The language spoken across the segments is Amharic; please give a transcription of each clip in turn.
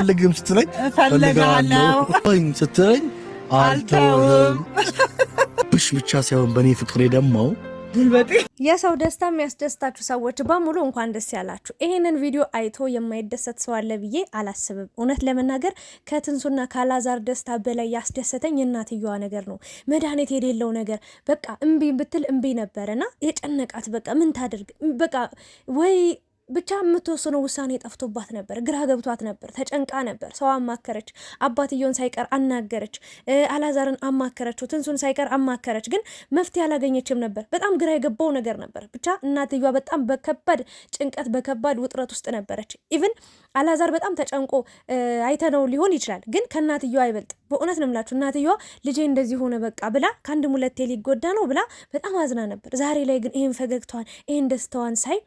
አልፈልግም ስትለኝ እፈልጋለሁ ስትለኝ አልተውም ብሽ ብቻ ሳይሆን በእኔ ፍቅር የደማው የሰው ደስታ የሚያስደስታችሁ ሰዎች በሙሉ እንኳን ደስ ያላችሁ። ይህንን ቪዲዮ አይቶ የማይደሰት ሰው አለ ብዬ አላስብም። እውነት ለመናገር ከትንሱና ካላዛር ደስታ በላይ ያስደሰተኝ የእናትየዋ ነገር ነው። መድኃኒት የሌለው ነገር በቃ እምቢ ብትል እምቢ ነበርና የጨነቃት በቃ ምን ታደርግ በቃ ወይ ብቻ የምትወስነው ውሳኔ ጠፍቶባት ነበር። ግራ ገብቷት ነበር። ተጨንቃ ነበር። ሰው አማከረች። አባትየውን ሳይቀር አናገረች። አላዛርን አማከረች፣ ትንሱን ሳይቀር አማከረች። ግን መፍትሄ አላገኘችም ነበር። በጣም ግራ የገባው ነገር ነበር። ብቻ እናትየዋ በጣም በከባድ ጭንቀት፣ በከባድ ውጥረት ውስጥ ነበረች። ኢቭን አላዛር በጣም ተጨንቆ አይተነው ሊሆን ይችላል። ግን ከእናትየዋ አይበልጥ። በእውነት ነው የምላችሁ። እናትየዋ ልጄ እንደዚህ ሆነ በቃ ብላ ከአንድ ሁለቴ ሊጎዳ ነው ብላ በጣም አዝና ነበር። ዛሬ ላይ ግን ይህን ፈገግታዋን ይህን ደስታዋን ሳይ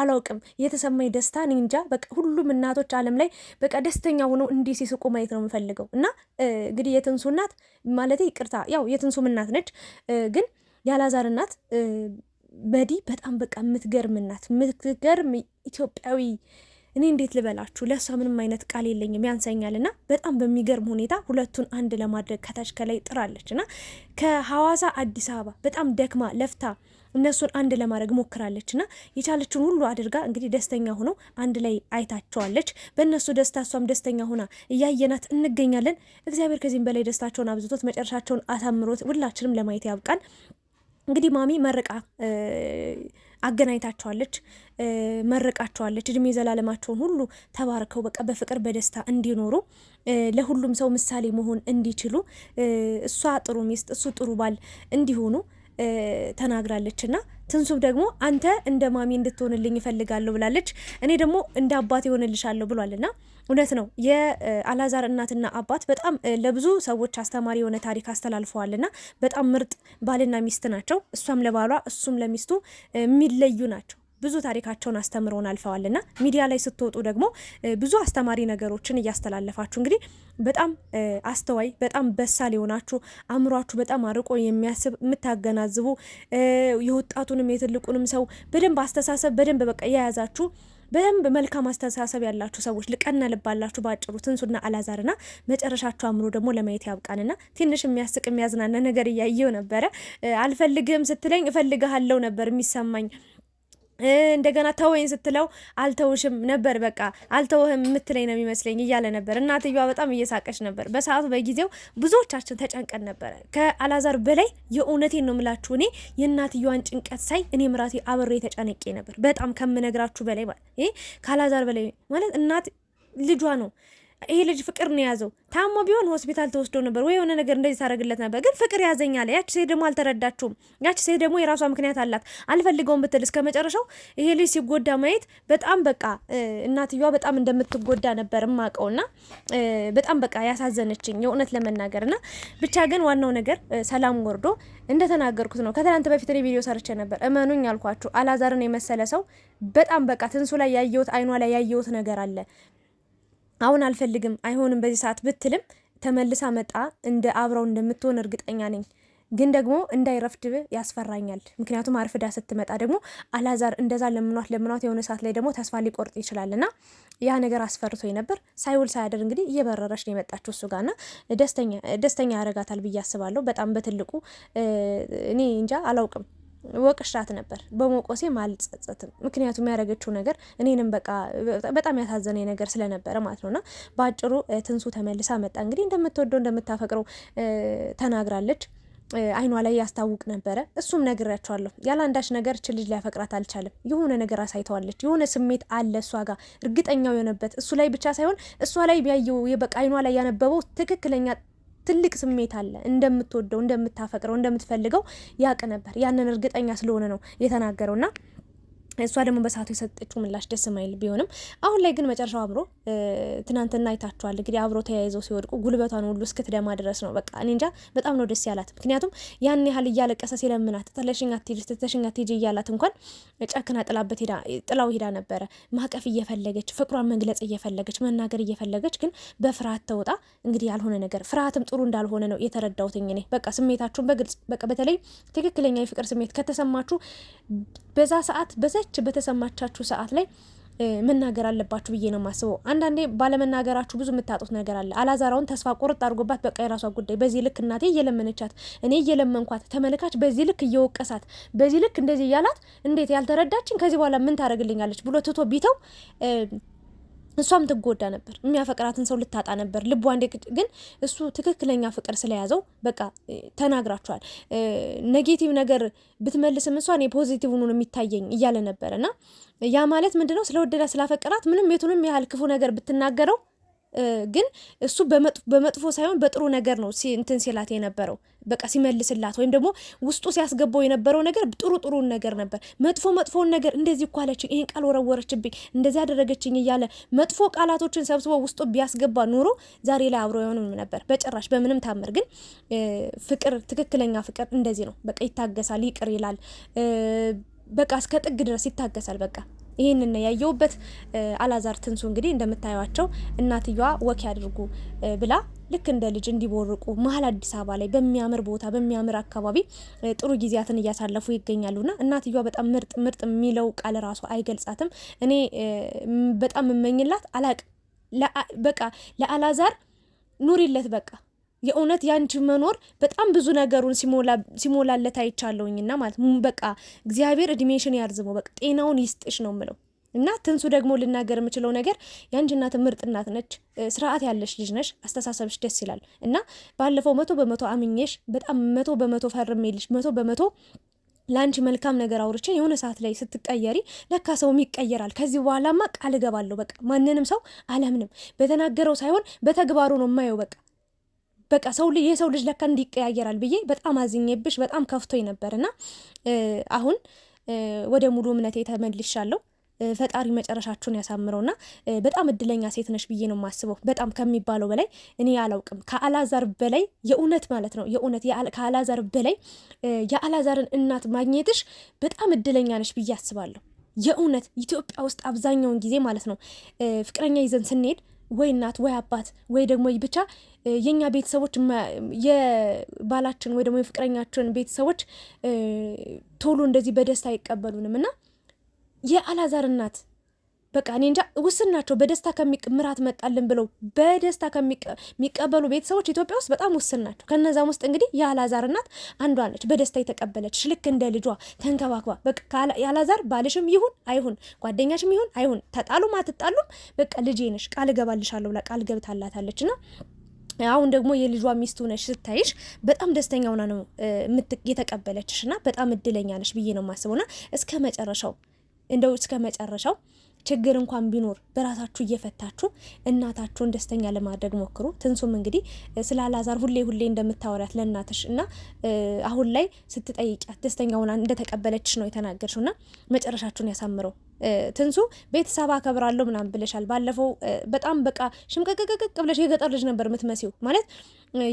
አላውቅም የተሰማኝ ደስታ እኔ እንጃ። በቃ ሁሉም እናቶች ዓለም ላይ በቃ ደስተኛ ሆነው እንዲህ ሲስቁ ማየት ነው የምፈልገው። እና እንግዲህ የትንሱ እናት ማለት ይቅርታ፣ ያው የትንሱ እናት ነች፣ ግን ያላዛር እናት በዲ በጣም በቃ የምትገርም እናት የምትገርም ኢትዮጵያዊ እኔ እንዴት ልበላችሁ ለእሷ ምንም አይነት ቃል የለኝም ያንሰኛል። እና በጣም በሚገርም ሁኔታ ሁለቱን አንድ ለማድረግ ከታች ከላይ ጥራለች እና ከሐዋሳ አዲስ አበባ በጣም ደክማ ለፍታ እነሱን አንድ ለማድረግ ሞክራለች እና የቻለችን ሁሉ አድርጋ እንግዲህ ደስተኛ ሆነው አንድ ላይ አይታቸዋለች። በእነሱ ደስታ እሷም ደስተኛ ሆና እያየናት እንገኛለን። እግዚአብሔር ከዚህም በላይ ደስታቸውን አብዝቶት መጨረሻቸውን አሳምሮት ሁላችንም ለማየት ያብቃን። እንግዲህ ማሚ መርቃ አገናኝታቸዋለች መርቃቸዋለች። እድሜ ዘላለማቸውን ሁሉ ተባርከው በቃ በፍቅር በደስታ እንዲኖሩ ለሁሉም ሰው ምሳሌ መሆን እንዲችሉ እሷ ጥሩ ሚስት እሱ ጥሩ ባል እንዲሆኑ ተናግራለች እና ትንሱም ደግሞ አንተ እንደ ማሚ እንድትሆንልኝ ይፈልጋለሁ ብላለች። እኔ ደግሞ እንደ አባት ይሆንልሻለሁ ብሏል እና እውነት ነው የአላዛር እናትና አባት በጣም ለብዙ ሰዎች አስተማሪ የሆነ ታሪክ አስተላልፈዋል በጣም ምርጥ ባልና ሚስት ናቸው። እሷም ለባሏ እሱም ለሚስቱ የሚለዩ ናቸው። ብዙ ታሪካቸውን አስተምረውን አልፈዋልና ሚዲያ ላይ ስትወጡ ደግሞ ብዙ አስተማሪ ነገሮችን እያስተላለፋችሁ እንግዲህ በጣም አስተዋይ በጣም በሳል የሆናችሁ አእምሯችሁ በጣም አርቆ የሚያስብ የምታገናዝቡ የወጣቱንም የትልቁንም ሰው በደንብ አስተሳሰብ በደንብ በቃ የያዛችሁ በደንብ መልካም አስተሳሰብ ያላችሁ ሰዎች ልቀና ልባላችሁ በአጭሩ ትንሱና አላዛርና መጨረሻችሁ አምሮ ደግሞ ለማየት ያብቃንና ትንሽ የሚያስቅ የሚያዝናና ነገር እያየው ነበረ። አልፈልግህም ስትለኝ እፈልግሃለው ነበር የሚሰማኝ እንደገና ተወይን ስትለው አልተውሽም ነበር በቃ አልተውህም የምትለኝ ነው የሚመስለኝ እያለ ነበር። እናትየዋ በጣም እየሳቀች ነበር። በሰዓቱ በጊዜው ብዙዎቻችን ተጨንቀን ነበረ። ከአላዛር በላይ የእውነቴን ነው የምላችሁ። እኔ የእናትየዋን ጭንቀት ሳይ እኔ ምራት አብሬ ተጨንቄ ነበር። በጣም ከምነግራችሁ በላይ ማለት ከአላዛር በላይ ማለት እናት ልጇ ነው ይሄ ልጅ ፍቅር ነው የያዘው። ታሞ ቢሆን ሆስፒታል ተወስዶ ነበር ወይ የሆነ ነገር እንደዚህ ታደርግለት ነበር፣ ግን ፍቅር ያዘኛለ። ያቺ ሴት ደግሞ አልተረዳችውም። ያቺ ሴት ደግሞ የራሷ ምክንያት አላት። አልፈልገውም ብትል እስከ መጨረሻው ይሄ ልጅ ሲጎዳ ማየት በጣም በቃ እናትየዋ በጣም እንደምትጎዳ ነበር እማቀውና በጣም በቃ ያሳዘነችኝ የእውነት ለመናገር እና ብቻ ግን ዋናው ነገር ሰላም ወርዶ እንደተናገርኩት ነው። ከትናንት በፊት ቪዲዮ ሰርቼ ነበር። እመኑኝ አልኳችሁ አላዛርን የመሰለ ሰው በጣም በቃ ትንሱ ላይ ያየሁት አይኗ ላይ ያየሁት ነገር አለ አሁን አልፈልግም አይሆንም በዚህ ሰዓት ብትልም ተመልሳ መጣ እንደ አብረው እንደምትሆን እርግጠኛ ነኝ። ግን ደግሞ እንዳይረፍድ ያስፈራኛል። ምክንያቱም አርፍዳ ስትመጣ ደግሞ አላዛር እንደዛ ለምኗት ለምኗት የሆነ ሰዓት ላይ ደግሞ ተስፋ ሊቆርጥ ይችላልና ያ ነገር አስፈርቶ ነበር። ሳይውል ሳያደር እንግዲህ እየበረረች ነው የመጣችው እሱ ጋርና ደስተኛ ያረጋታል ብዬ አስባለሁ። በጣም በትልቁ እኔ እንጃ አላውቅም። ወቅሻት ነበር። በሞቆሴም አልጸጸትም። ምክንያቱም ያደረገችው ነገር እኔንም በቃ በጣም ያሳዘነኝ ነገር ስለነበረ ማለት ነውና በአጭሩ ትንሱ ተመልሳ መጣ። እንግዲህ እንደምትወደው እንደምታፈቅረው ተናግራለች። አይኗ ላይ ያስታውቅ ነበረ። እሱም ነግሬያቸዋለሁ። ያለ አንዳች ነገር ች ልጅ ሊያፈቅራት አልቻለም። የሆነ ነገር አሳይተዋለች። የሆነ ስሜት አለ እሷ ጋር እርግጠኛው የሆነበት እሱ ላይ ብቻ ሳይሆን እሷ ላይ ያየው በቃ አይኗ ላይ ያነበበው ትክክለኛ ትልቅ ስሜት አለ። እንደምትወደው እንደምታፈቅረው እንደምትፈልገው ያቅ ነበር። ያንን እርግጠኛ ስለሆነ ነው የተናገረውና እሷ ደግሞ በሰዓቱ የሰጠችው ምላሽ ደስ ማይል ቢሆንም አሁን ላይ ግን መጨረሻው አብሮ ትናንትና አይታችኋል። እንግዲህ አብሮ ተያይዘው ሲወድቁ ጉልበቷን ሁሉ እስክትደማ ድረስ ነው። በቃ እኔ እንጃ በጣም ነው ደስ ያላት። ምክንያቱም ያን ያህል እያለቀሰ ሲለምናት ጥለሽኝ አትሂጂ፣ ትተሽኝ እያላት እንኳን ጨክና ጥላበት ሄዳ ጥላው ሄዳ ነበረ። ማቀፍ እየፈለገች ፍቅሯን መግለጽ እየፈለገች መናገር እየፈለገች ግን በፍርሃት ተውጣ እንግዲህ ያልሆነ ነገር ፍርሃትም ጥሩ እንዳልሆነ ነው የተረዳሁት እኔ። በቃ ስሜታችሁን በግልጽ በቃ በተለይ ትክክለኛ የፍቅር ስሜት ከተሰማችሁ በዛ ሰዓት በዛ በሆነች በተሰማቻችሁ ሰዓት ላይ መናገር አለባችሁ ብዬ ነው የማስበው። አንዳንዴ ባለመናገራችሁ ብዙ የምታጡት ነገር አለ። አላዛራውን ተስፋ ቁርጥ አድርጎባት በቃ የራሷ ጉዳይ። በዚህ ልክ እናቴ እየለመነቻት እኔ እየለመንኳት ተመልካች በዚህ ልክ እየወቀሳት በዚህ ልክ እንደዚህ እያላት እንዴት ያልተረዳችን ከዚህ በኋላ ምን ታደርግልኛለች ብሎ ትቶ ቢተው እሷም ትጎዳ ነበር። የሚያፈቅራትን ሰው ልታጣ ነበር ልቧ እንደ ግን እሱ ትክክለኛ ፍቅር ስለያዘው በቃ ተናግራችኋል። ኔጌቲቭ ነገር ብትመልስም እሷን የፖዚቲቭ ሆኖ የሚታየኝ እያለ ነበር እና ያ ማለት ምንድነው ስለወደዳ ስላፈቅራት ምንም የቱንም ያህል ክፉ ነገር ብትናገረው ግን እሱ በመጥፎ ሳይሆን በጥሩ ነገር ነው እንትን ሲላት የነበረው በቃ ሲመልስላት ወይም ደግሞ ውስጡ ሲያስገባው የነበረው ነገር ጥሩ ጥሩን ነገር ነበር። መጥፎ መጥፎውን ነገር እንደዚህ እኮ አለችኝ፣ ይህን ቃል ወረወረችብኝ፣ እንደዚህ አደረገችኝ እያለ መጥፎ ቃላቶችን ሰብስቦ ውስጡ ቢያስገባ ኑሮ ዛሬ ላይ አብሮ የሆኑም ነበር። በጭራሽ በምንም ታምር። ግን ፍቅር፣ ትክክለኛ ፍቅር እንደዚህ ነው። በቃ ይታገሳል፣ ይቅር ይላል። በቃ እስከ ጥግ ድረስ ይታገሳል። በቃ ይህንን ያየውበት አላዛር ትንሱ እንግዲህ እንደምታዩቸው እናትየዋ ወኪ አድርጉ ብላ ልክ እንደ ልጅ እንዲቦርቁ መሀል አዲስ አበባ ላይ በሚያምር ቦታ በሚያምር አካባቢ ጥሩ ጊዜያትን እያሳለፉ ይገኛሉና እናትየዋ በጣም ምርጥ ምርጥ የሚለው ቃል ራሱ አይገልጻትም። እኔ በጣም የምመኝላት አላቅ በቃ ለአላዛር ኑሪለት በቃ የእውነት ያንቺ መኖር በጣም ብዙ ነገሩን ሲሞላለት አይቻለውኝና ማለት በቃ እግዚአብሔር እድሜሽን ያርዝመው፣ በቃ ጤናውን ይስጥሽ ነው ምለው እና ትንሱ ደግሞ ልናገር የምችለው ነገር የአንቺ እናት ምርጥ እናት ነች። ስርዓት ያለሽ ልጅ ነሽ። አስተሳሰብሽ ደስ ይላል እና ባለፈው መቶ በመቶ አምኜሽ በጣም መቶ በመቶ ፈርሜልሽ መቶ በመቶ ለአንቺ መልካም ነገር አውርቼ የሆነ ሰዓት ላይ ስትቀየሪ ለካ ሰውም ይቀየራል። ከዚህ በኋላማ ቃል እገባለሁ በቃ ማንንም ሰው አለምንም በተናገረው ሳይሆን በተግባሩ ነው የማየው በቃ በቃ ሰው የሰው ልጅ ለካ እንዲቀያየራል ብዬ በጣም አዝኜብሽ በጣም ከፍቶኝ ነበር እና አሁን ወደ ሙሉ እምነቴ ተመልሻለሁ። ፈጣሪ መጨረሻችሁን ያሳምረውና በጣም እድለኛ ሴት ነሽ ብዬ ነው የማስበው። በጣም ከሚባለው በላይ እኔ አላውቅም። ከአላዛር በላይ የእውነት ማለት ነው የእውነት ከአላዛር በላይ የአላዛርን እናት ማግኘትሽ በጣም እድለኛ ነሽ ብዬ አስባለሁ። የእውነት ኢትዮጵያ ውስጥ አብዛኛውን ጊዜ ማለት ነው ፍቅረኛ ይዘን ስንሄድ ወይ እናት ወይ አባት ወይ ደግሞ ብቻ የእኛ ቤተሰቦች የባላችን ወይ ደግሞ የፍቅረኛችን ቤተሰቦች ቶሎ እንደዚህ በደስታ አይቀበሉንም እና የአላዛር እናት በቃ እኔ እንጃ ውስን ናቸው። በደስታ ከምራት መጣልን ብለው በደስታ ከሚቀበሉ ቤተሰቦች ኢትዮጵያ ውስጥ በጣም ውስን ናቸው። ከነዛም ውስጥ እንግዲህ የአላዛር እናት አንዷ ነች። በደስታ የተቀበለች ልክ እንደ ልጇ ተንከባክባ በቃ የአላዛር ባልሽም ይሁን አይሁን ጓደኛሽም ይሁን አይሁን ተጣሉም አትጣሉም በቃ ልጄ ነሽ ቃል እገባልሻለሁ ብላ ቃል ገብታላታለች ና አሁን ደግሞ የልጇ ሚስቱ ነሽ ስታይሽ በጣም ደስተኛ ሆና ነው የተቀበለችሽ ና በጣም እድለኛ ነሽ ብዬ ነው የማስበው። ና እስከ መጨረሻው እንደው እስከ መጨረሻው ችግር እንኳን ቢኖር በራሳችሁ እየፈታችሁ እናታችሁን ደስተኛ ለማድረግ ሞክሩ። ትንሱም እንግዲህ ስለ አላዛር ሁሌ ሁሌ እንደምታወሪያት ለእናትሽ እና አሁን ላይ ስትጠይቂያት ደስተኛውን እንደተቀበለችሽ ነው የተናገርሽው እና መጨረሻችሁን ያሳምረው። ትንሱ ቤተሰብ አከብራለሁ ምናምን ብለሻል። ባለፈው በጣም በቃ ሽምቅቅቅቅ ብለሽ የገጠር ልጅ ነበር የምትመሲው። ማለት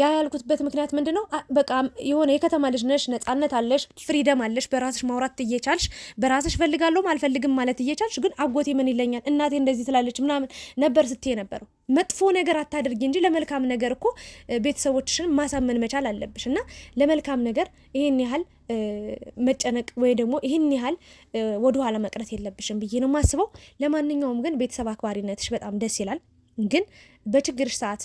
ያ ያልኩትበት ምክንያት ምንድን ነው? በቃ የሆነ የከተማ ልጅ ነሽ፣ ነጻነት አለሽ፣ ፍሪደም አለሽ። በራስሽ ማውራት እየቻልሽ በራስሽ ፈልጋለሁም አልፈልግም ማለት እየቻልሽ ግን አጎቴ ምን ይለኛል፣ እናቴ እንደዚህ ትላለች ምናምን ነበር ስትይ ነበረው። መጥፎ ነገር አታድርጊ እንጂ ለመልካም ነገር እኮ ቤተሰቦችሽን ማሳመን መቻል አለብሽ እና ለመልካም ነገር ይህን ያህል መጨነቅ ወይ ደግሞ ይህን ያህል ወደኋላ መቅረት የለብሽም ብዬ ነው የማስበው። ለማንኛውም ግን ቤተሰብ አክባሪነትሽ በጣም ደስ ይላል። ግን በችግርሽ ሰዓት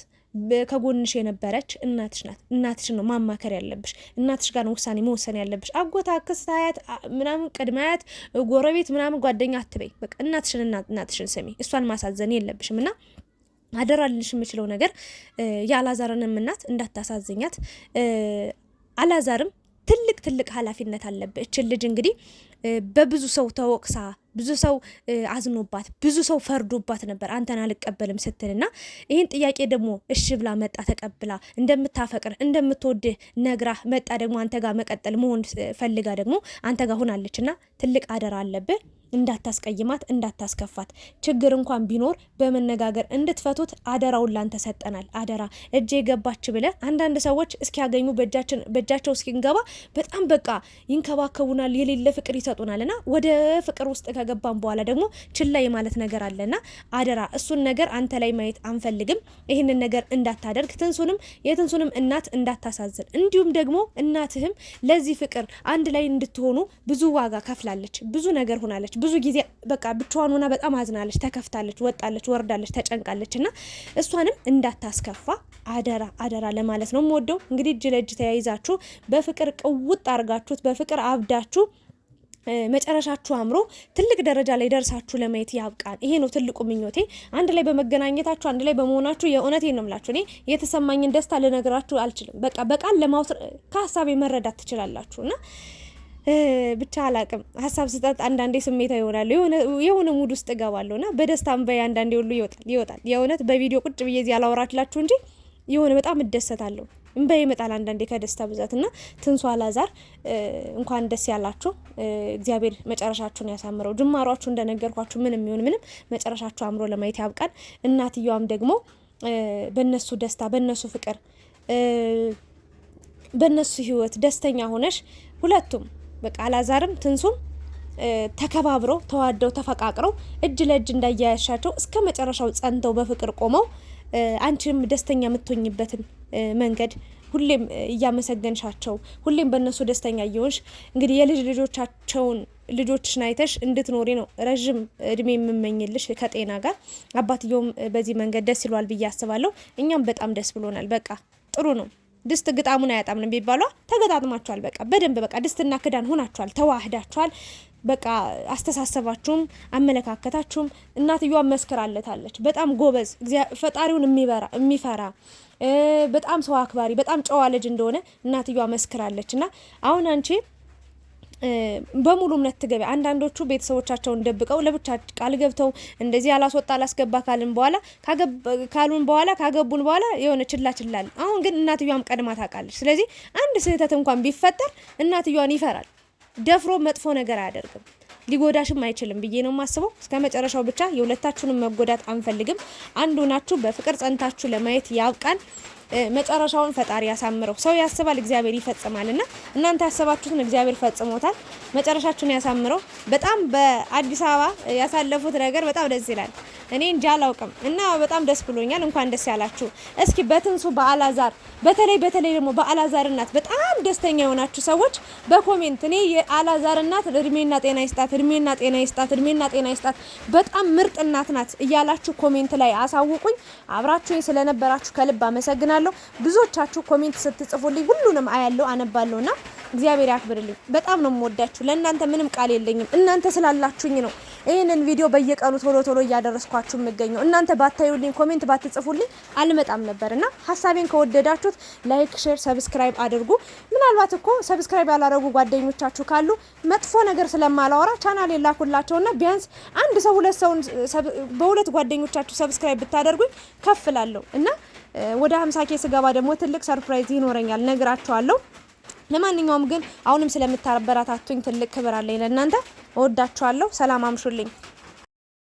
ከጎንሽ የነበረች እናትሽ ናት። እናትሽን ነው ማማከር ያለብሽ። እናትሽ ጋር ውሳኔ መወሰን ያለብሽ። አጎታ፣ አክስት፣ አያት ምናምን፣ ቅድመ አያት፣ ጎረቤት ምናምን፣ ጓደኛ አትበይ። በቃ እናትሽን እናትሽን ስሚ። እሷን ማሳዘን የለብሽም እና አደራልሽ የምችለው ነገር የአላዛርንም እናት እንዳታሳዝኛት። አላዛርም ትልቅ ትልቅ ኃላፊነት አለብህ። እችን ልጅ እንግዲህ በብዙ ሰው ተወቅሳ ብዙ ሰው አዝኖባት ብዙ ሰው ፈርዶባት ነበር አንተን አልቀበልም ስትልና ይህን ጥያቄ ደግሞ እሺ ብላ መጣ ተቀብላ እንደምታፈቅር እንደምትወድህ ነግራ መጣ ደግሞ አንተ ጋር መቀጠል መሆን ፈልጋ ደግሞ አንተ ጋር ሆናለችና ትልቅ አደራ አለብህ። እንዳታስቀይማት፣ እንዳታስከፋት ችግር እንኳን ቢኖር በመነጋገር እንድትፈቱት አደራውን ላንተ ሰጠናል። አደራ እጄ የገባች ብለ አንዳንድ ሰዎች እስኪያገኙ በእጃቸው እስኪንገባ በጣም በቃ ይንከባከቡናል፣ የሌለ ፍቅር ይሰጡናል። እና ወደ ፍቅር ውስጥ ከገባን በኋላ ደግሞ ችላይ የማለት ነገር አለና አደራ እሱን ነገር አንተ ላይ ማየት አንፈልግም። ይህንን ነገር እንዳታደርግ ትንሱንም የትንሱንም እናት እንዳታሳዝን እንዲሁም ደግሞ እናትህም ለዚህ ፍቅር አንድ ላይ እንድትሆኑ ብዙ ዋጋ ከፍላለች፣ ብዙ ነገር ሆናለች። ብዙ ጊዜ በቃ ብቻዋን ሆና በጣም አዝናለች፣ ተከፍታለች፣ ወጣለች፣ ወርዳለች፣ ተጨንቃለች እና እሷንም እንዳታስከፋ አደራ አደራ ለማለት ነው የምወደው። እንግዲህ እጅ ለእጅ ተያይዛችሁ በፍቅር ቅውጥ አርጋችሁት በፍቅር አብዳችሁ መጨረሻችሁ አምሮ ትልቅ ደረጃ ላይ ደርሳችሁ ለማየት ያብቃን። ይሄ ነው ትልቁ ምኞቴ። አንድ ላይ በመገናኘታችሁ አንድ ላይ በመሆናችሁ የእውነት ነው ምላችሁ። እኔ የተሰማኝን ደስታ ልነግራችሁ አልችልም። በቃ በቃል ለማውሰድ ከሀሳቤ መረዳት ትችላላችሁ እና ብቻ አላቅም ሀሳብ ስጠት አንዳንዴ ስሜታ ይሆናሉ። የሆነ ሙድ ውስጥ እገባለሁ ና በደስታ በይ አንዳንዴ ሁሉ ይወጣል ይወጣል። የእውነት በቪዲዮ ቁጭ ብዬ እዚህ አላወራችላችሁ እንጂ የሆነ በጣም እደሰታለሁ። እንባ ይመጣል አንዳንዴ ከደስታ ብዛት ና ትንሱ አላዛር እንኳን ደስ ያላችሁ። እግዚአብሔር መጨረሻችሁን ያሳምረው። ጅማሯችሁ እንደነገርኳችሁ ምንም ይሁን ምንም መጨረሻችሁ አምሮ ለማየት ያብቃል እናትየዋም ደግሞ በነሱ ደስታ፣ በነሱ ፍቅር፣ በነሱ ህይወት ደስተኛ ሆነሽ ሁለቱም በቃ አላዛርም ትንሱም ተከባብረው ተዋደው ተፈቃቅረው እጅ ለእጅ እንዳያያሻቸው እስከ መጨረሻው ጸንተው በፍቅር ቆመው አንቺም ደስተኛ የምትሆኝበትን መንገድ ሁሌም እያመሰገንሻቸው ሁሌም በእነሱ ደስተኛ እየሆንሽ እንግዲህ የልጅ ልጆቻቸውን ልጆችን አይተሽ እንድትኖሪ ነው ረዥም እድሜ የምመኝልሽ ከጤና ጋር። አባትየውም በዚህ መንገድ ደስ ይሏል ብዬ አስባለሁ። እኛም በጣም ደስ ብሎናል። በቃ ጥሩ ነው። ድስት ግጣሙን አያጣም ነው የሚባለው። ተገጣጥማችኋል። በቃ በደንብ በቃ ድስትና ክዳን ሆናችኋል፣ ተዋህዳችኋል። በቃ አስተሳሰባችሁም አመለካከታችሁም እናትየዋ መስክራለታለች። በጣም ጎበዝ ፈጣሪውን የሚበራ የሚፈራ በጣም ሰው አክባሪ በጣም ጨዋ ልጅ እንደሆነ እናትየዋ መስክራለች እና አሁን አንቺ በሙሉ እምነት ትገቢ። አንዳንዶቹ ቤተሰቦቻቸውን ደብቀው ለብቻ ቃል ገብተው እንደዚህ ያላስወጣ አላስገባ ካልን በኋላ ካሉን በኋላ ካገቡን በኋላ የሆነ ችላ ችላል። አሁን ግን እናትየዋም ቀድማ ታውቃለች። ስለዚህ አንድ ስህተት እንኳን ቢፈጠር እናትየዋን ይፈራል። ደፍሮ መጥፎ ነገር አያደርግም። ሊጎዳሽም አይችልም ብዬ ነው የማስበው። እስከ መጨረሻው ብቻ የሁለታችሁንም መጎዳት አንፈልግም። አንዱ ናችሁ። በፍቅር ጸንታችሁ ለማየት ያብቃን። መጨረሻውን ፈጣሪ ያሳምረው። ሰው ያስባል፣ እግዚአብሔር ይፈጽማል። እና እናንተ ያሰባችሁትን እግዚአብሔር ፈጽሞታል። መጨረሻችሁን ያሳምረው። በጣም በአዲስ አበባ ያሳለፉት ነገር በጣም ደስ ይላል። እኔ እንጃ አላውቅም እና በጣም ደስ ብሎኛል። እንኳን ደስ ያላችሁ። እስኪ በትንሱ በአላዛር በተለይ በተለይ ደግሞ በአላዛር እናት በጣም ደስተኛ የሆናችሁ ሰዎች በኮሜንት እኔ የአላዛር እናት እድሜና ጤና ይስጣት፣ እድሜና ጤና ይስጣት፣ እድሜና ጤና ይስጣት፣ በጣም ምርጥ እናት ናት እያላችሁ ኮሜንት ላይ አሳውቁኝ። አብራችሁኝ ስለነበራችሁ ከልብ አመሰግናለሁ። አመሰግናለሁ። ብዙዎቻችሁ ኮሜንት ስትጽፉልኝ ሁሉንም አያለሁ አነባለሁ እና እግዚአብሔር ያክብርልኝ። በጣም ነው የምወዳችሁ። ለእናንተ ምንም ቃል የለኝም። እናንተ ስላላችሁኝ ነው ይህንን ቪዲዮ በየቀኑ ቶሎ ቶሎ እያደረስኳችሁ የምገኘው። እናንተ ባታዩልኝ፣ ኮሜንት ባትጽፉልኝ አልመጣም ነበር እና ሀሳቤን ከወደዳችሁት ላይክ፣ ሼር፣ ሰብስክራይብ አድርጉ። ምናልባት እኮ ሰብስክራይብ ያላረጉ ጓደኞቻችሁ ካሉ መጥፎ ነገር ስለማላወራ ቻናል የላኩላቸውና ቢያንስ አንድ ሰው ሁለት ሰውን በሁለት ጓደኞቻችሁ ሰብስክራይብ ብታደርጉኝ ከፍላለሁ እና ወደ 50 ኬ ስገባ ደግሞ ትልቅ ሰርፕራይዝ ይኖረኛል፣ ነግራችኋለሁ። ለማንኛውም ግን አሁንም ስለምታበረታቱኝ ትልቅ ክብር አለኝ ለእናንተ። እወዳችኋለሁ። ሰላም አምሹልኝ።